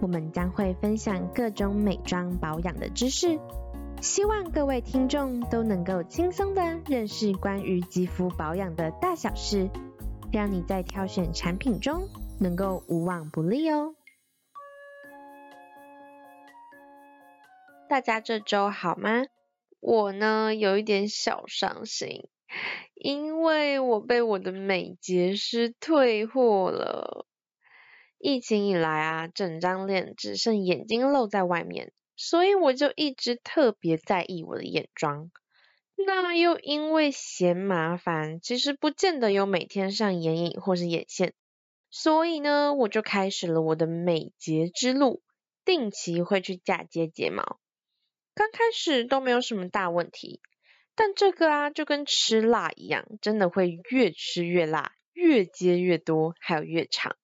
我們將會分享各種美妝保養的知識，希望各位聽眾都能夠輕鬆的認識關於肌膚保養的大小事，讓你在挑選產品中能夠無往不利哦。大家這週好嗎？我呢，有一點小傷心，因為我被我的美睫師退貨了。疫情以來啊，整張臉只剩眼睛露在外面，所以我就一直特別在意我的眼妝。那又因為嫌麻煩，其實不見得有每天上眼影或是眼線，所以呢，我就開始了我的美睫之路，定期會去嫁接睫毛。剛開始都沒有什麼大問題，但這個啊，就跟吃辣一樣，真的會越吃越辣，越接越多，還有越長。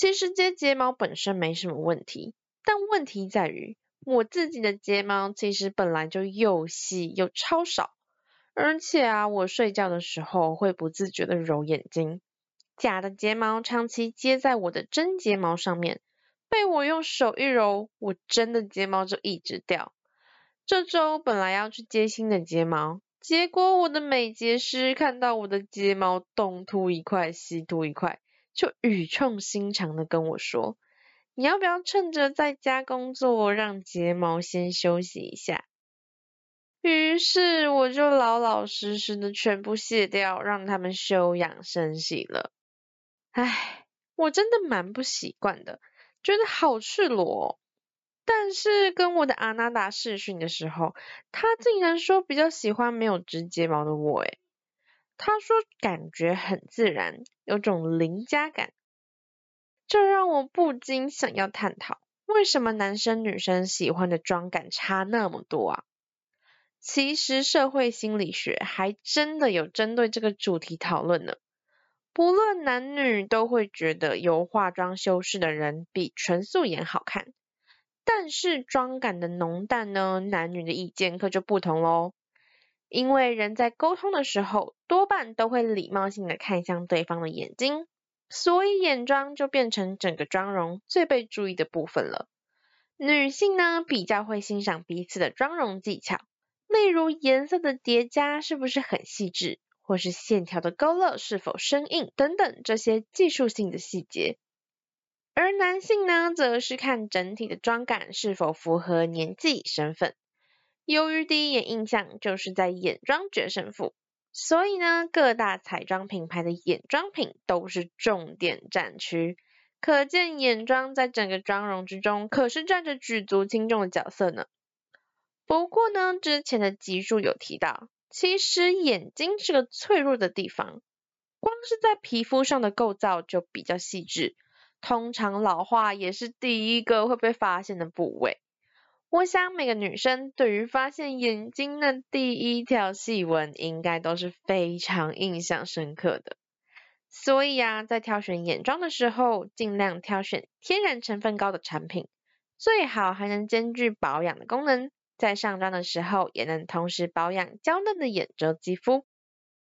其實接睫毛本身沒什麼問題，但問題在於，我自己的睫毛其實本來就又細又超少，而且啊，我睡覺的時候會不自覺的揉眼睛，假的睫毛長期接在我的真睫毛上面，被我用手一揉，我真的睫毛就一直掉。這周本來要去接新的睫毛，結果我的美睫師看到我的睫毛東禿一塊、西禿一塊，就語重心長的跟我說，你要不要趁着在家工作，讓睫毛先休息一下？於是我就老老實實的全部卸掉，讓他們休養生息了。唉，我真的蠻不習慣的，覺得好赤裸哦。但是跟我的阿拿搭視訊的時候，他竟然說比較喜歡沒有植睫毛的我誒，誒他說感覺很自然，有種鄰家感，這讓我不禁想要探討，為什麼男生女生喜歡的妝感差那麼多啊？其實社會心理學還真的有針對這個主題討論呢。不論男女都會覺得有化妝修飾的人比純素顏好看，但是妝感的濃淡呢，男女的意見可就不同嘍。因為人在溝通的時候，多半都會禮貌性的看向對方的眼睛，所以眼妝就變成整個妝容最被注意的部分了。女性呢，比較會欣賞彼此的妝容技巧，例如顏色的疊加是不是很細緻，或是線條的勾勒是否生硬等等這些技術性的細節。而男性呢，則是看整體的妝感是否符合年紀、身份。由於第一眼印象就是在眼妝決勝負，所以呢，各大彩妝品牌的眼妝品都是重點戰區。可見眼妝在整個妝容之中可是占着舉足輕重的角色呢。不過呢，之前的集數有提到，其實眼睛是個脆弱的地方，光是在皮膚上的構造就比較細緻，通常老化也是第一個會被發現的部位。我想每個女生對於發現眼睛的第一條細紋，應該都是非常印象深刻的。所以啊，在挑選眼妝的時候，盡量挑選天然成分高的產品，最好還能兼具保養的功能，在上妝的時候也能同時保養嬌嫩的眼周肌膚。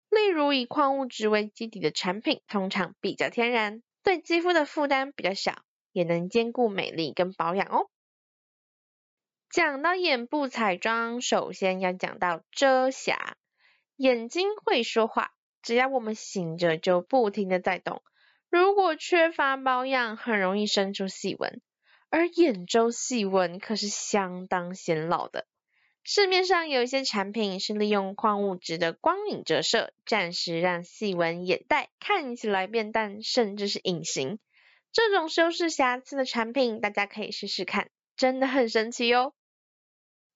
例如以礦物質為基底的產品，通常比較天然，對肌膚的負擔比較小，也能兼顧美麗跟保養哦。講到眼部彩妝，首先要講到遮瑕。眼睛會說話，只要我們醒着就不停的在動。如果缺乏保養，很容易生出細紋，而眼周細紋可是相當顯老的。市面上有一些產品是利用礦物質的光影折射，暫時讓細紋、眼袋看起來變淡，甚至是隱形。這種修飾瑕疵的產品，大家可以試試看，真的很神奇喲。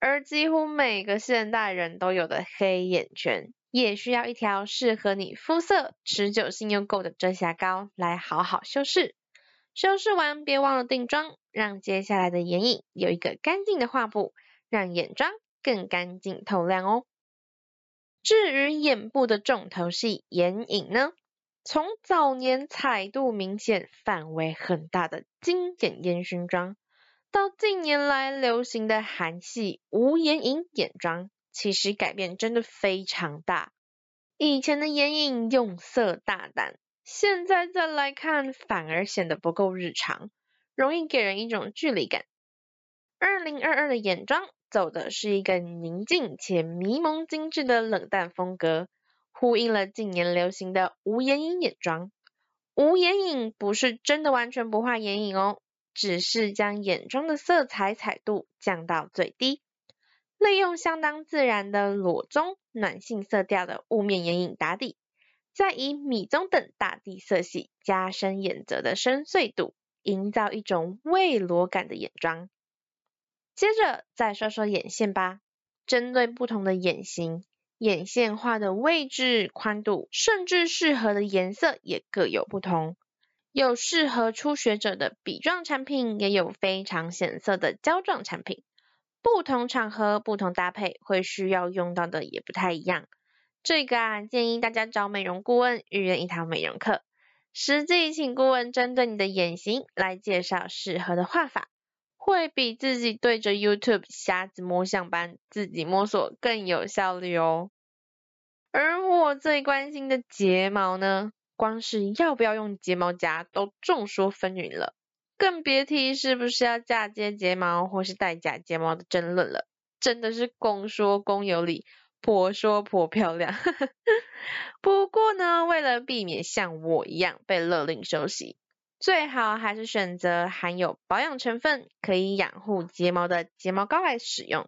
而幾乎每個現代人都有的黑眼圈，也需要一條適合你膚色、持久性又夠的遮瑕膏來好好修飾。修飾完，別忘了定妝，讓接下來的眼影有一個乾淨的畫布，讓眼妝更乾淨透亮哦。至於眼部的重頭戲，眼影呢，從早年彩度明顯、範圍很大的經典煙燻妝。到近年來流行的韓系無眼影眼妝，其實改變真的非常大。以前的眼影用色大膽，現在再來看反而顯得不夠日常，容易給人一種距離感。二零二二的眼妝走的是一個寧靜且迷蒙、精致的冷淡風格，呼應了近年流行的無眼影眼妝。無眼影不是真的完全不畫眼影哦。只是將眼妝的色彩彩度降到最低，利用相當自然的裸棕暖性色調的霧面眼影打底，再以米棕等大地色系加深眼褶的深邃度，營造一種偽裸感的眼妝。接着再說說眼線吧，針對不同的眼型，眼線畫的位置、寬度，甚至適合的顏色也各有不同。有適合初學者的筆狀產品，也有非常顯色的膠狀產品。不同場合、不同搭配，會需要用到的也不太一樣。這個啊，建議大家找美容顧問預約一堂美容課，實際請顧問針對你的眼型來介紹適合的畫法，會比自己對着 YouTube 瞎子摸象般自己摸索更有效率哦。而我最關心的睫毛呢？光是要不要用睫毛夾都眾說紛紜了，更別提是不是要嫁接睫毛或是戴假睫毛的爭論了，真的是公說公有理，婆說婆漂亮。 不過呢，為了避免像我一樣被勒令休息，最好還是選擇含有保養成分可以養護睫毛的睫毛膏來使用。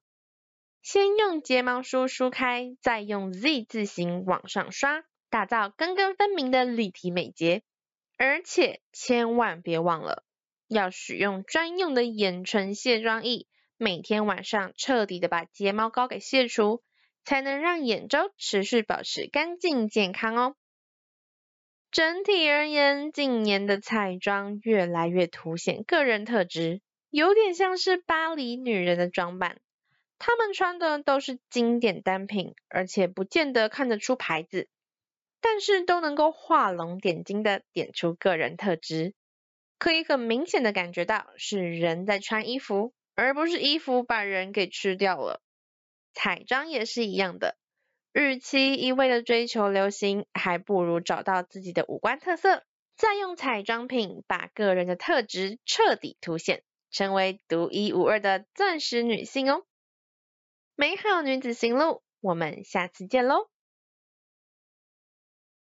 先用睫毛梳梳開，再用 Z 字形往上刷。打造根根分明的立體美睫，而且千萬別忘了，要使用專用的眼唇卸妝液，每天晚上徹底的把睫毛膏給卸除，才能讓眼周持續保持乾淨健康哦。整體而言，近年的彩妝越來越凸顯個人特質，有點像是巴黎女人的裝扮，她們穿的都是經典單品，而且不見得看得出牌子。但是都能夠畫龍點睛的點出個人特質，可以很明顯的感覺到是人在穿衣服，而不是衣服把人給吃掉了。彩妝也是一樣的，日期一味的追求流行，還不如找到自己的五官特色，再用彩妝品把個人的特質徹底凸顯，成為獨一無二的鑽石女性哦。美好女子行路，我們下次見嘍。